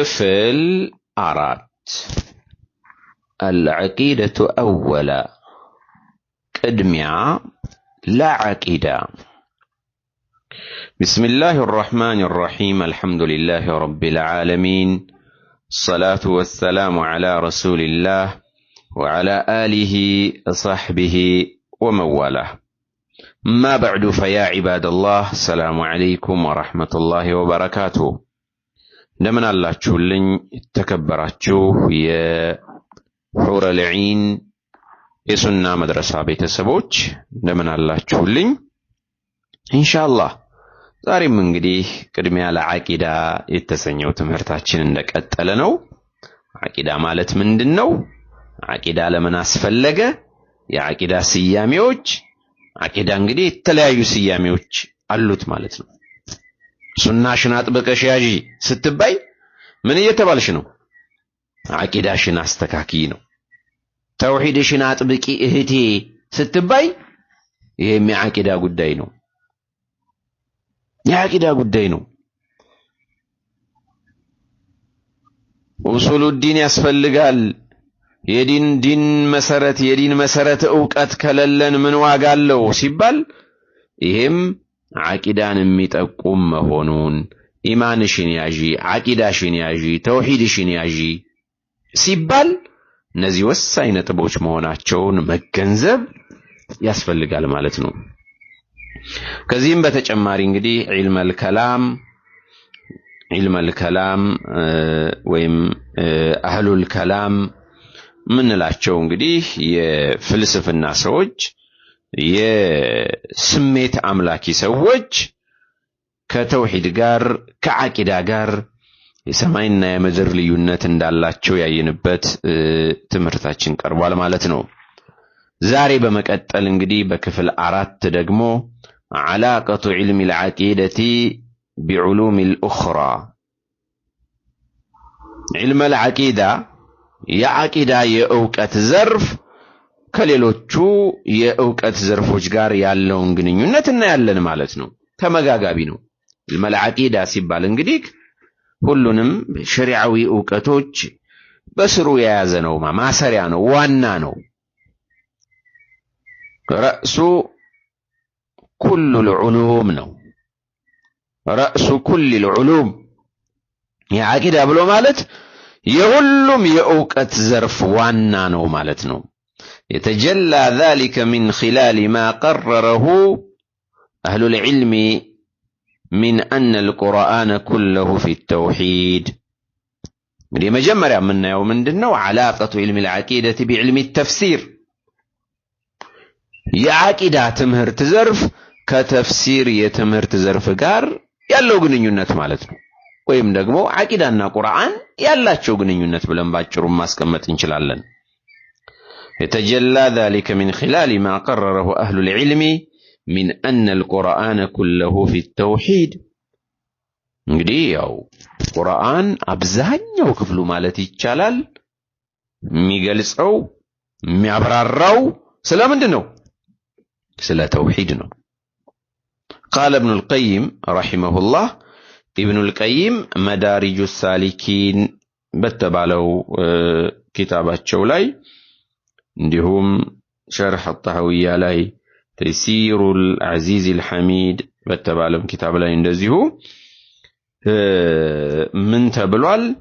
كفل أرات العقيدة أولا قدمع لا عقيدة بسم الله الرحمن الرحيم الحمد لله رب العالمين الصلاة والسلام على رسول الله وعلى آله صحبه ومن ما بعد فيا عباد الله السلام عليكم ورحمة الله وبركاته እንደምን አላችሁልኝ የተከበራችሁ የሑረል የሱና መድረሳ ቤተሰቦች እንደምን አላችሁልኝ? ኢንሻአላህ ዛሬም እንግዲህ ቅድሚያ ለዓቂዳ የተሰኘው ትምህርታችን እንደቀጠለ ነው። ዓቂዳ ማለት ምንድን ነው? ዓቂዳ ለምን አስፈለገ? የዓቂዳ ስያሜዎች ዓቂዳ እንግዲህ የተለያዩ ስያሜዎች አሉት ማለት ነው። ሱናሽን አጥብቀሽ ያዢ ስትባይ ምን እየተባልሽ ነው? አቂዳሽን አስተካክይ ነው። ተውሂድሽን አጥብቂ እህቴ ስትባይ ይሄም የአቂዳ ጉዳይ ነው። የአቂዳ ጉዳይ ነው። ኡሱሉ ዲን ያስፈልጋል። የዲን ዲን መሰረት የዲን መሰረት እውቀት ከሌለን ምን ዋጋ አለው ሲባል ይሄም ዓቂዳን የሚጠቁም መሆኑን ኢማንሽን ያዢ፣ ዓቂዳሽን ያዢ፣ ተውሒድሽን ያዢ ሲባል እነዚህ ወሳኝ ነጥቦች መሆናቸውን መገንዘብ ያስፈልጋል ማለት ነው። ከዚህም በተጨማሪ እንግዲህ ዒልመል ከላም ዒልመል ከላም ወይም አህሉል ከላም ምንላቸው እንግዲህ የፍልስፍና ሰዎች የስሜት አምላኪ ሰዎች ከተውሂድ ጋር ከዓቂዳ ጋር የሰማይና የምድር ልዩነት እንዳላቸው ያየንበት ትምህርታችን ቀርቧል ማለት ነው። ዛሬ በመቀጠል እንግዲህ በክፍል አራት ደግሞ ዓላቀቱ ዒልሚ ልዓቂደቲ ቢዑሉም ልኡኽራ ዒልመ ልዓቂዳ የዓቂዳ የእውቀት ዘርፍ ከሌሎቹ የእውቀት ዘርፎች ጋር ያለውን ግንኙነት እናያለን ማለት ነው። ተመጋጋቢ ነው። ዕልመል ሲባል እንግዲህ ሁሉንም ሸሪዓዊ እውቀቶች በስሩ የያዘ ነው፣ ማሰሪያ ነው፣ ዋና ነው። ረእሱ ኩሉል ዑሉም ነው። ረእሱ ኩሊል ዑሉም የዐቂዳ ብሎ ማለት የሁሉም የእውቀት ዘርፍ ዋና ነው ማለት ነው። يتجلى ذلك من خلال ما قرره أهل العلم من أن القرآن كله في التوحيد لما جمر من يوم دنا علاقة علم العقيدة بعلم التفسير يا عقيدة تمهر تزرف كتفسير يتمهر تزرف قار يالو قنن يونت مالتنا ويمدقبو عقيدة أن القرآن يالا تشو قنن يونت بلن باتشرو ماسكمت انشلال لنه يتجلى ذلك من خلال ما قرره أهل العلم من أن القرآن كله في التوحيد قرآن أبزان يوكفلو مالتي تشالال ميقلس أو ميعبرار أو سلام دنو سلا توحيدنا قال ابن القيم رحمه الله ابن القيم مدارج السالكين بتبع له كتابات شولاي اللي هم شرح الطهوية لاي تيسير العزيز الحميد لهم كتاب لا يندزه آه، من تبلوال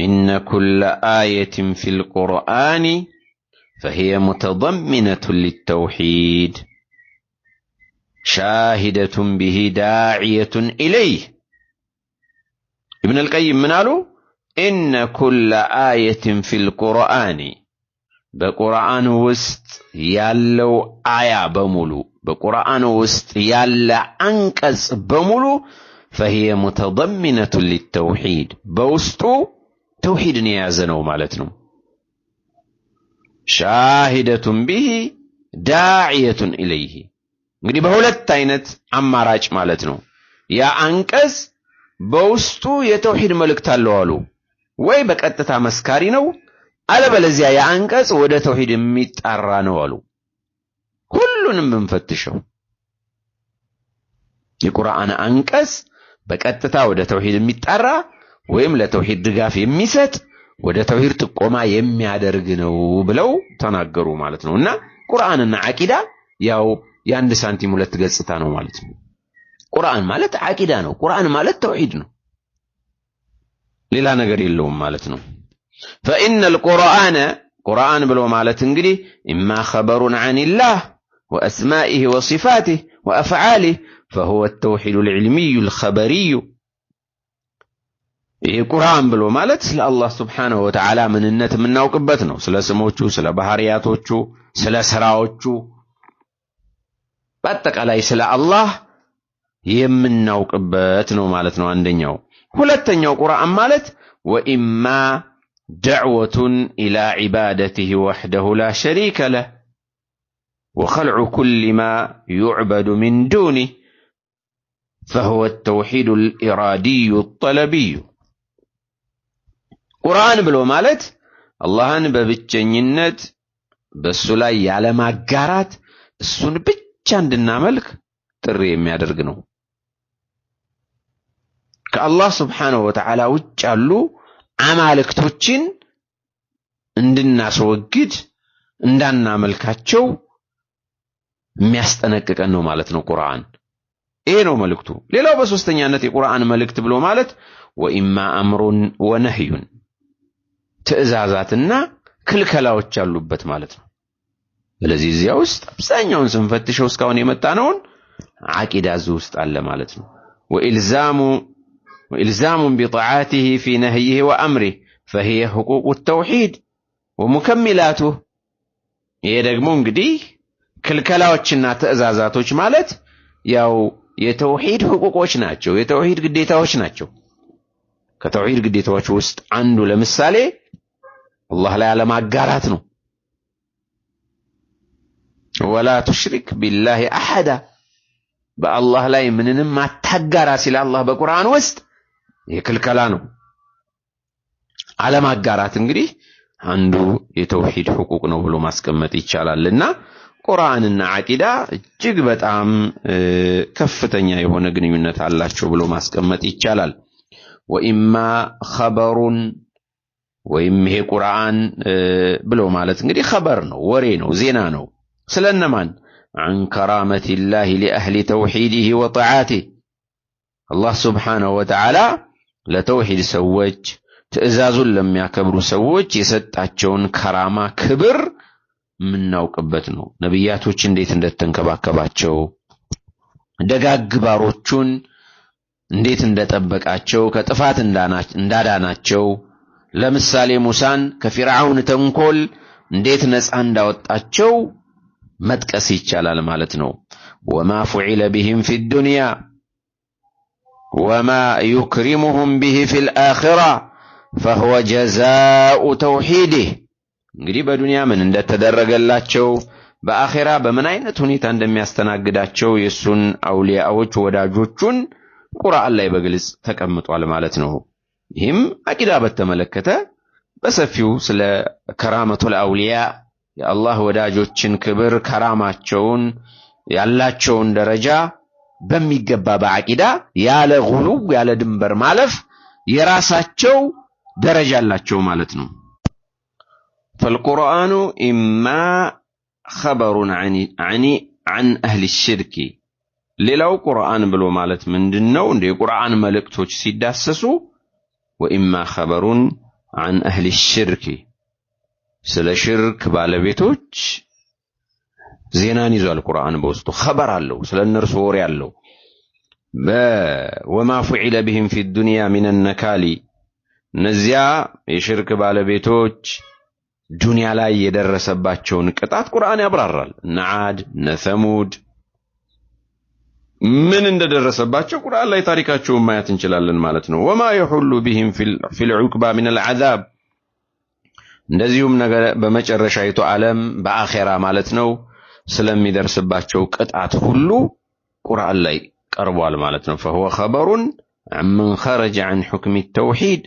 إن كل آية في القرآن فهي متضمنة للتوحيد شاهدة به داعية إليه ابن القيم من قالوا إن كل آية في القرآن በቁርአን ውስጥ ያለው አያ በሙሉ በቁርአን ውስጥ ያለ አንቀጽ በሙሉ ፈሂየ ሙተደሚነቱን ሊተውሂድ በውስጡ ተውሂድን የያዘ ነው ማለት ነው። ሻሂደቱን ቢሂ ዳዕየቱን ኢለይሂ እንግዲህ በሁለት አይነት አማራጭ ማለት ነው። ያ አንቀጽ በውስጡ የተውሂድ መልእክት አለው አሉ። ወይ በቀጥታ መስካሪ ነው አለበለዚያ የአንቀጽ ወደ ተውሂድ የሚጣራ ነው አሉ። ሁሉንም ብንፈትሸው የቁርአን አንቀጽ በቀጥታ ወደ ተውሂድ የሚጣራ ወይም ለተውሂድ ድጋፍ የሚሰጥ ወደ ተውሂድ ጥቆማ የሚያደርግ ነው ብለው ተናገሩ ማለት ነው። እና ቁርአንና አቂዳ ያው የአንድ ሳንቲም ሁለት ገጽታ ነው ማለት ነው። ቁርአን ማለት አቂዳ ነው። ቁርአን ማለት ተውሂድ ነው። ሌላ ነገር የለውም ማለት ነው። فإن القرآن قرآن بلو مالة انجلي إما خبر عن الله وأسمائه وصفاته وأفعاله فهو التوحيد العلمي الخبري إيه قرآن بلو مالة الله سبحانه وتعالى من النت منا وكبتنا سل سموتشو سل بحرياتوتشو سل سراوتشو باتك علي سل الله يمنا وكبتنا مالتنا عندنا هلتنا قرآن مالت وإما دعوة إلى عبادته وحده لا شريك له وخلع كل ما يعبد من دونه فهو التوحيد الإرادي الطلبي قرآن بلو مالت الله أنبى بالجنينت بس لا يعلم أقارات السن بالجندنا ملك تري ما كالله سبحانه وتعالى وجعلو አማልክቶችን እንድናስወግድ እንዳናመልካቸው የሚያስጠነቅቀን ነው ማለት ነው ቁርአን። ይሄ ነው መልእክቱ። ሌላው በሶስተኛነት የቁርአን መልእክት ብሎ ማለት ወኢማ አምሩን ወነህዩን ትእዛዛትና ክልከላዎች አሉበት ማለት ነው። ስለዚህ እዚያ ውስጥ አብዛኛውን ስንፈትሸው እስካሁን የመጣነውን አቂዳ እዚህ ውስጥ አለ ማለት ነው። ወኢልዛሙ وإلزام بطاعته في نهيه وأمره فهي حقوق التوحيد ومكملاته ይሄ ደግሞ እንግዲህ ክልከላዎችና ትእዛዛቶች ማለት ያው የተውሂድ ህቁቆች ናቸው፣ የተውሂድ ግዴታዎች ናቸው። ከተውሂድ ግዴታዎች ውስጥ አንዱ ለምሳሌ አላህ ላይ አለማጋራት ነው። ወላ ቱሽሪክ ቢላሂ አሐዳ፣ በአላህ ላይ ምንንም አታጋራ ሲል አላህ በቁርአን ውስጥ ይህ ክልከላ ነው። አለማጋራት እንግዲህ አንዱ የተውሂድ ሕቁቅ ነው ብሎ ማስቀመጥ ይቻላል እና ቁርአንና አቂዳ እጅግ በጣም ከፍተኛ የሆነ ግንኙነት አላቸው ብሎ ማስቀመጥ ይቻላል። ወኢማ ኸበሩን ወይም ይሄ ቁርአን ብሎ ማለት እንግዲህ ኸበር ነው፣ ወሬ ነው፣ ዜና ነው። ስለነማን አን ከራመቲላሂ ሊአህሊ ተውሂድህ ወጠዓቲህ አላህ ስብሓነሁ ወተዓላ ለተውሂድ ሰዎች ትዕዛዙን ለሚያከብሩ ሰዎች የሰጣቸውን ከራማ ክብር የምናውቅበት ነው። ነቢያቶች እንዴት እንደተንከባከባቸው ደጋግ ባሮቹን እንዴት እንደጠበቃቸው ከጥፋት እንዳዳናቸው ለምሳሌ ሙሳን ከፊርዓውን ተንኮል እንዴት ነፃ እንዳወጣቸው መጥቀስ ይቻላል ማለት ነው። ወማ ፉዒለ ቢህም ፊ ዱንያ وما يكرمهم به في الآخرة فهو جزاء توحيده እንግዲህ በዱንያ ምን እንደተደረገላቸው በአኼራ በምን አይነት ሁኔታ እንደሚያስተናግዳቸው የእሱን አውሊያዎች ወዳጆቹን ቁርአን ላይ በግልጽ ተቀምጧል ማለት ነው። ይህም አቂዳ በተመለከተ በሰፊው ስለ ከራመቱ ለአውሊያ የአላህ ወዳጆችን ክብር ከራማቸውን ያላቸውን ደረጃ በሚገባ በአቂዳ ያለ ጉሉብ ያለ ድንበር ማለፍ የራሳቸው ደረጃ አላቸው ማለት ነው። ፈልቁርአኑ ኢማ ኸበሩን አን አህሊ ሽርኪ። ሌላው ቁርአን ብሎ ማለት ምንድን እንደ የቁርአን መልእክቶች ሲዳሰሱ ወኢማ ኸበሩን አን አህሊ ሽርኪ፣ ስለ ሽርክ ባለቤቶች ዜናን ይዟል ቁርአን በውስጡ ኸበር አለው ስለ እነርሱ ወሬ አለው ወማ ፉዒለ ብህም ፊ ዱንያ ሚን ነካሊ እነዚያ የሽርክ ባለቤቶች ዱንያ ላይ የደረሰባቸውን ቅጣት ቁርአን ያብራራል እነ ዓድ እነ ምን እንደደረሰባቸው ቁርአን ላይ ታሪካቸውን ማየት እንችላለን ማለት ነው ወማ የሑሉ ብህም ፊልዑቅባ ሚን አልዓዛብ እንደዚሁም በመጨረሻይቱ ዓለም በአኼራ ማለት ነው سلمي درس باتشو كتعت هلو قرآن لي أروال مالتنا فهو خبر عمن خرج عن حكم التوحيد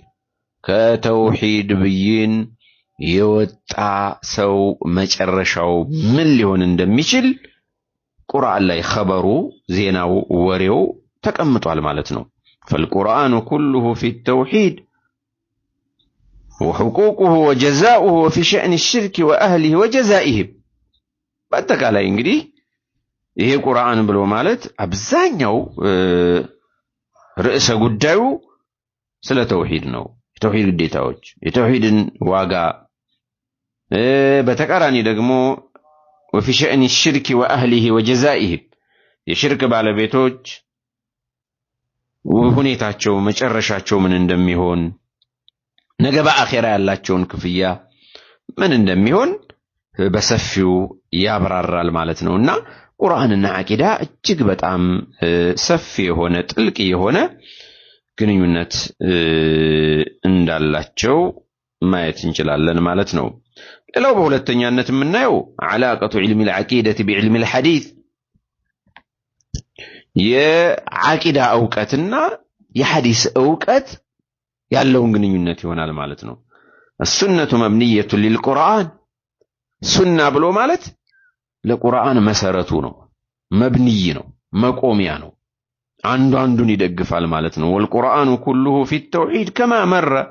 كتوحيد بيين يوتا سو مجرشو مليون اللي هون اندميشل قرآن لي خبرو زيناو وريو تكأمتو على مالتنا فالقرآن كله في التوحيد وحقوقه وجزاؤه وفي شأن الشرك وأهله وجزائهم በአጠቃላይ እንግዲህ ይሄ ቁርአን ብሎ ማለት አብዛኛው ርዕሰ ጉዳዩ ስለ ተውሂድ ነው። የተውሂድ ግዴታዎች፣ የተውሂድን ዋጋ በተቃራኒ ደግሞ ወፊ ሸእኒ ሽርክ ወአህሊሂ ወጀዛኢህ የሽርክ ባለቤቶች ሁኔታቸው መጨረሻቸው ምን እንደሚሆን ነገ በአኼራ ያላቸውን ክፍያ ምን እንደሚሆን بسفيو يابرار المالتنا ونا قرآن النعاكدا اجيك بتعام سفيه هنا تلكي هنا كنيونت شو ما يتنجلال لنا مالتنا لو بولتن يانت منناو علاقة علم العقيدة بعلم الحديث يا عاكدا اوكاتنا يا حديث اوكات يا لونغ نيونتي ونال مالتنو السنة مبنية للقرآن سنة بلو مالت لقرآن مسارتونو مبنيينو مقوميانو عندو عندو ندقف على مالتنا والقرآن كله في التوحيد كما مر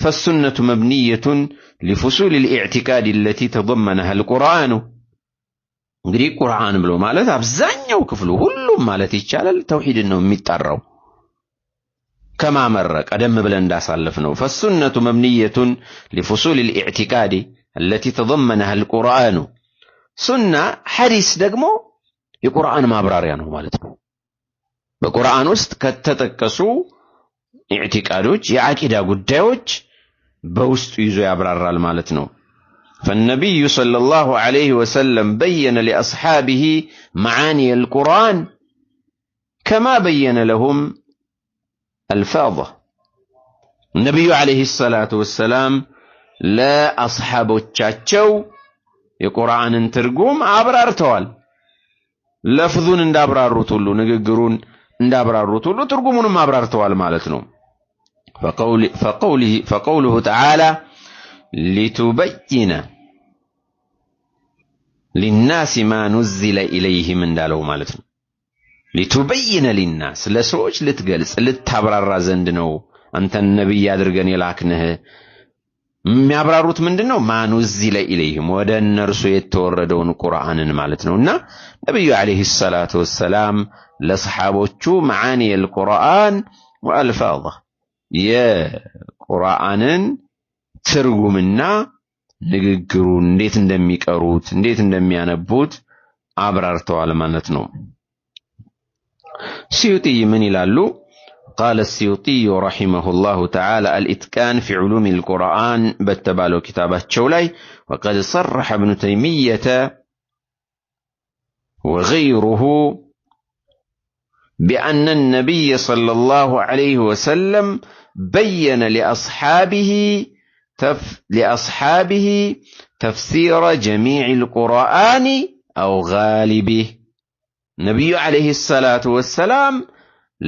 فالسنة مبنية لفصول الاعتقاد التي تضمنها القرآن غري قرآن بلو مالت أبزاني وكفلو هلو مالت الشالل التوحيد انهم متعرو كما مر أدم بلن داس فالسنة مبنية لفصول الاعتقاد التي تضمنها القرآن سنة حديث دقمو يقران ما براريانه مالته بقرآن است كتتكسو اعتقادوج يعاكدا قدوج بوست يزو يبرار المالتنو فالنبي صلى الله عليه وسلم بيّن لأصحابه معاني القرآن كما بيّن لهم ألفاظه النبي عليه الصلاة والسلام ለአስሓቦቻቸው የቁርአንን ትርጉም አብራርተዋል። ለፍዙን እንዳብራሩት ሁሉ ንግግሩን እንዳብራሩት ሁሉ ትርጉሙንም አብራርተዋል ማለት ነው። ፈቀውሉሁ ተዓላ ሊቱበይነ ሊናስ ማ ኑዝለ ኢለይህም እንዳለው ማለት ነው። ሊቱበይነ ሊናስ ለሰዎች ልትገልጽ ልታብራራ ዘንድ ነው አንተን ነቢይ አድርገን የላክንህ የሚያብራሩት ምንድን ነው? ማን ኡዚለ ኢለይህም ወደ እነርሱ የተወረደውን ቁርአንን ማለት ነው። እና ነቢዩ ሰላቱ ወሰላም ለሰሓቦቹ መዓኒየል ቁርአን ወአልፋዛ የቁርአንን ትርጉምና ንግግሩን እንዴት እንደሚቀሩት እንዴት እንደሚያነቡት አብራርተዋል ማለት ነው። ሲዩጢ ምን ይላሉ? قال السيوطي رحمه الله تعالى الإتكان في علوم القرآن بتبالو كتابات شولاي وقد صرح ابن تيمية وغيره بأن النبي صلى الله عليه وسلم بين لأصحابه تف لأصحابه تفسير جميع القرآن أو غالبه النبي عليه الصلاة والسلام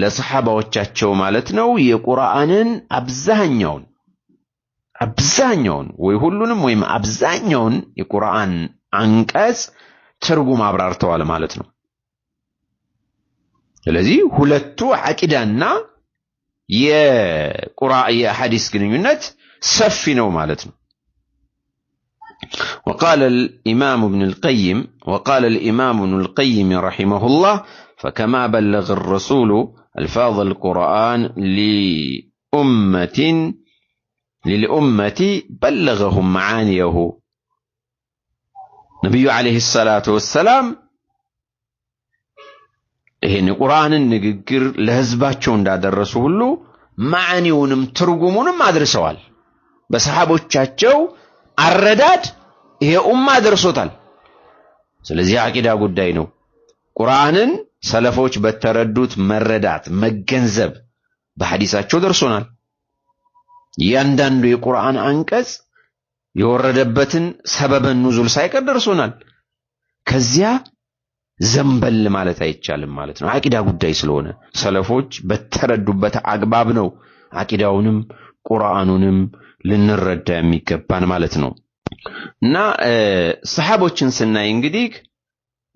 ለሰሓባዎቻቸው ማለት ነው የቁርአንን አብዛኛውን አብዛኛውን ወይ ሁሉንም ወይም አብዛኛውን የቁርአን አንቀጽ ትርጉም አብራርተዋል ማለት ነው። ስለዚህ ሁለቱ ዓቂዳና የሐዲስ ግንኙነት ሰፊ ነው ማለት ነው። وقال الإمام ابن القيم وقال الإمام ابن القيم رحمه الله فكما بلغ الرسول ألفاظ القرآن لأمة للأمة بلغهم معانيه ነቢዩ ዓለይሂ ሰላቱ ወሰላም ይሄን የቁርአንን ንግግር ለህዝባቸው እንዳደረሱ ሁሉ ማዕኒውንም ትርጉሙንም አድርሰዋል። በሰሃቦቻቸው አረዳድ ይሄ ኡማ አደርሶታል ስለዚህ አቂዳ ጉዳይ ነው። ቁርአንን ሰለፎች በተረዱት መረዳት መገንዘብ በሐዲሳቸው ደርሶናል። እያንዳንዱ የቁርአን አንቀጽ የወረደበትን ሰበበን ኑዙል ሳይቀር ደርሶናል። ከዚያ ዘንበል ማለት አይቻልም ማለት ነው። አቂዳ ጉዳይ ስለሆነ ሰለፎች በተረዱበት አግባብ ነው አቂዳውንም ቁርአኑንም ልንረዳ የሚገባን ማለት ነው እና ሰሓቦችን ስናይ እንግዲህ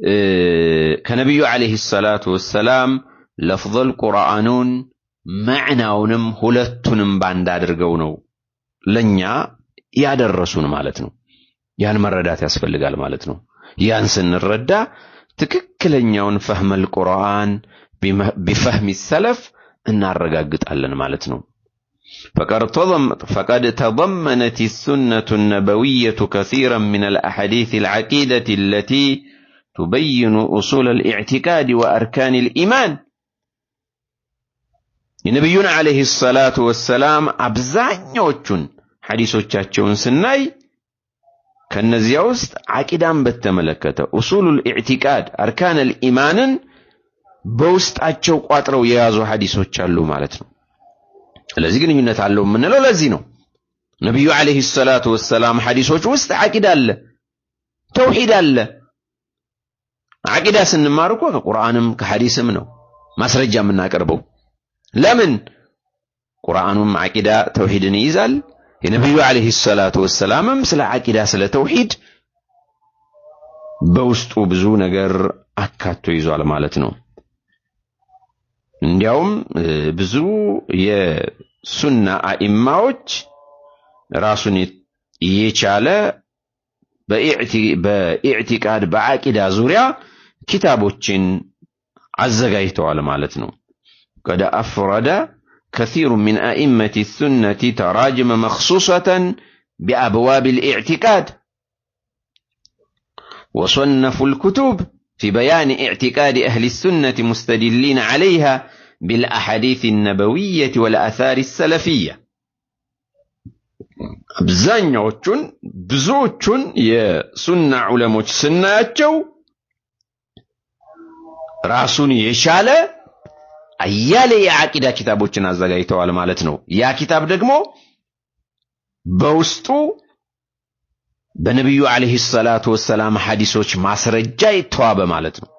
إيه، كنبي عليه الصلاة والسلام لفظ القرآن معنى ونم هلتنم باندار درقونو لنيا يادر رسول مالتنو يان مردات يسفل قال مالتنو يان سن الردة تكك لن لنيا فهم القرآن بفهم السلف ان الرقا قد مالتنو فقد تضمنت السنة النبوية كثيرا من الأحاديث العقيدة التي تبين أصول الاعتقاد وأركان الإيمان የነቢዩን ዓለይሂ ሰላቱ ወሰላም አብዛኛዎቹን ሐዲሶቻቸውን ስናይ ከእነዚያ ውስጥ አቂዳን በተመለከተ ኡሱሉል ኢዕቲቃድ አርካነል ኢማንን በውስጣቸው ቋጥረው የያዙ ሐዲሶች አሉ ማለት ነው። ስለዚህ ግንኙነት አለው የምንለው ለዚህ ነው። ነቢዩ ዓለይሂ ሰላቱ ወሰላም ሐዲሶች ውስጥ አቂዳ አለ፣ ተውሂድ አለ፣ አቂዳ ስንማር እኮ ከቁርአንም ከሐዲስም ነው ማስረጃ የምናቀርበው። ለምን ቁርአኑም አቂዳ ተውሂድን ይይዛል። የነቢዩ ዓለይሂ ሰላቱ ወሰላምም ስለ አቂዳ ስለ ተውሂድ በውስጡ ብዙ ነገር አካቶ ይዟል ማለት ነው። እንዲያውም ብዙ የሱና አኢማዎች ራሱን የቻለ በኢዕቲቃድ በአቂዳ ዙሪያ ኪታቦችን አዘጋጅተዋል على مالتنو قد أفرد كثير من أئمة السنة تراجم مخصوصة بأبواب الاعتقاد وصنفوا الكتب في بيان اعتقاد أهل السنة مستدلين عليها بالأحاديث النبوية والآثار السلفية بزانيوتشن بزوتشن يا سنة علموش سنة أتشو ራሱን የቻለ አያሌ የአቂዳ ኪታቦችን አዘጋጅተዋል ማለት ነው። ያ ኪታብ ደግሞ በውስጡ በነቢዩ ዓለይሂ ሰላቱ ወሰላም ሐዲሶች ማስረጃ የተዋበ ማለት ነው።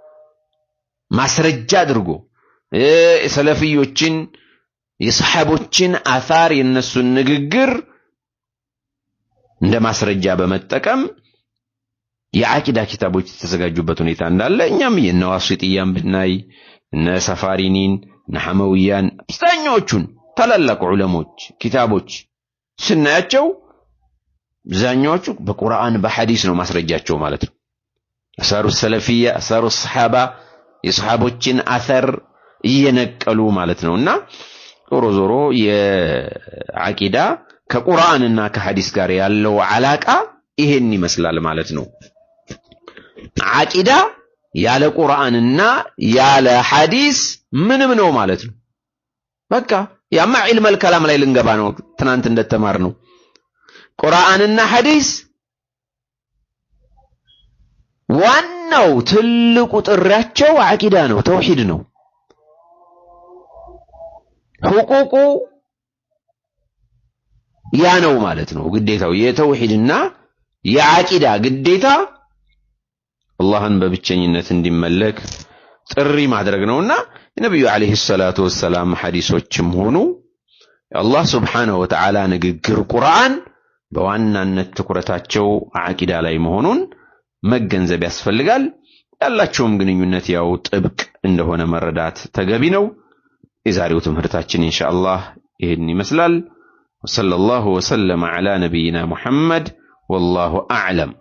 ማስረጃ አድርጎ ሰለፊዮችን፣ የሰሓቦችን አፋር የነሱን ንግግር እንደ ማስረጃ በመጠቀም የአቂዳ ኪታቦች የተዘጋጁበት ሁኔታ እንዳለ እኛም እነ ዋሲጥያን ብናይ እነ ሰፋሪኒን እነ ሐመውያን አብዛኛዎቹን ታላላቅ ዑለሞች ኪታቦች ስናያቸው አብዛኛዎቹ በቁርአን በሐዲስ ነው ማስረጃቸው ማለት ነው። አሳሩ ሰለፊያ፣ አሳሩ ሰሓባ የሰሓቦችን አተር እየነቀሉ ማለት ነው እና ዞሮ ዞሮ የአቂዳ ከቁርአንና ከሐዲስ ጋር ያለው አላቃ ይሄን ይመስላል ማለት ነው። አቂዳ ያለ ቁርአንና ያለ ሐዲስ ምንም ነው ማለት ነው። በቃ ያማ ዒልመል ከላም ላይ ልንገባ ነው። ትናንት እንደተማር ነው ቁርአንና ሐዲስ ዋናው ትልቁ ጥሪያቸው አቂዳ ነው፣ ተውሂድ ነው። ሕቁቁ ያ ነው ማለት ነው። ግዴታው የተውሂድና የአቂዳ ግዴታ አላህን በብቸኝነት እንዲመለክ ጥሪ ማድረግ ነውና የነቢዩ ዓለይሂ ሰላቱ ወሰላም ሐዲሶችም ሆኑ የአላህ ስብሓነሁ ወተዓላ ንግግር ቁርአን በዋናነት ትኩረታቸው አቂዳ ላይ መሆኑን መገንዘብ ያስፈልጋል። ያላቸውም ግንኙነት ያው ጥብቅ እንደሆነ መረዳት ተገቢ ነው። የዛሬው ትምህርታችን ኢንሻአላህ ይህን ይመስላል። ወሰለላሁ ወሰለመ ዓላ ነቢይና ሙሐመድ ወላሁ አዕለም።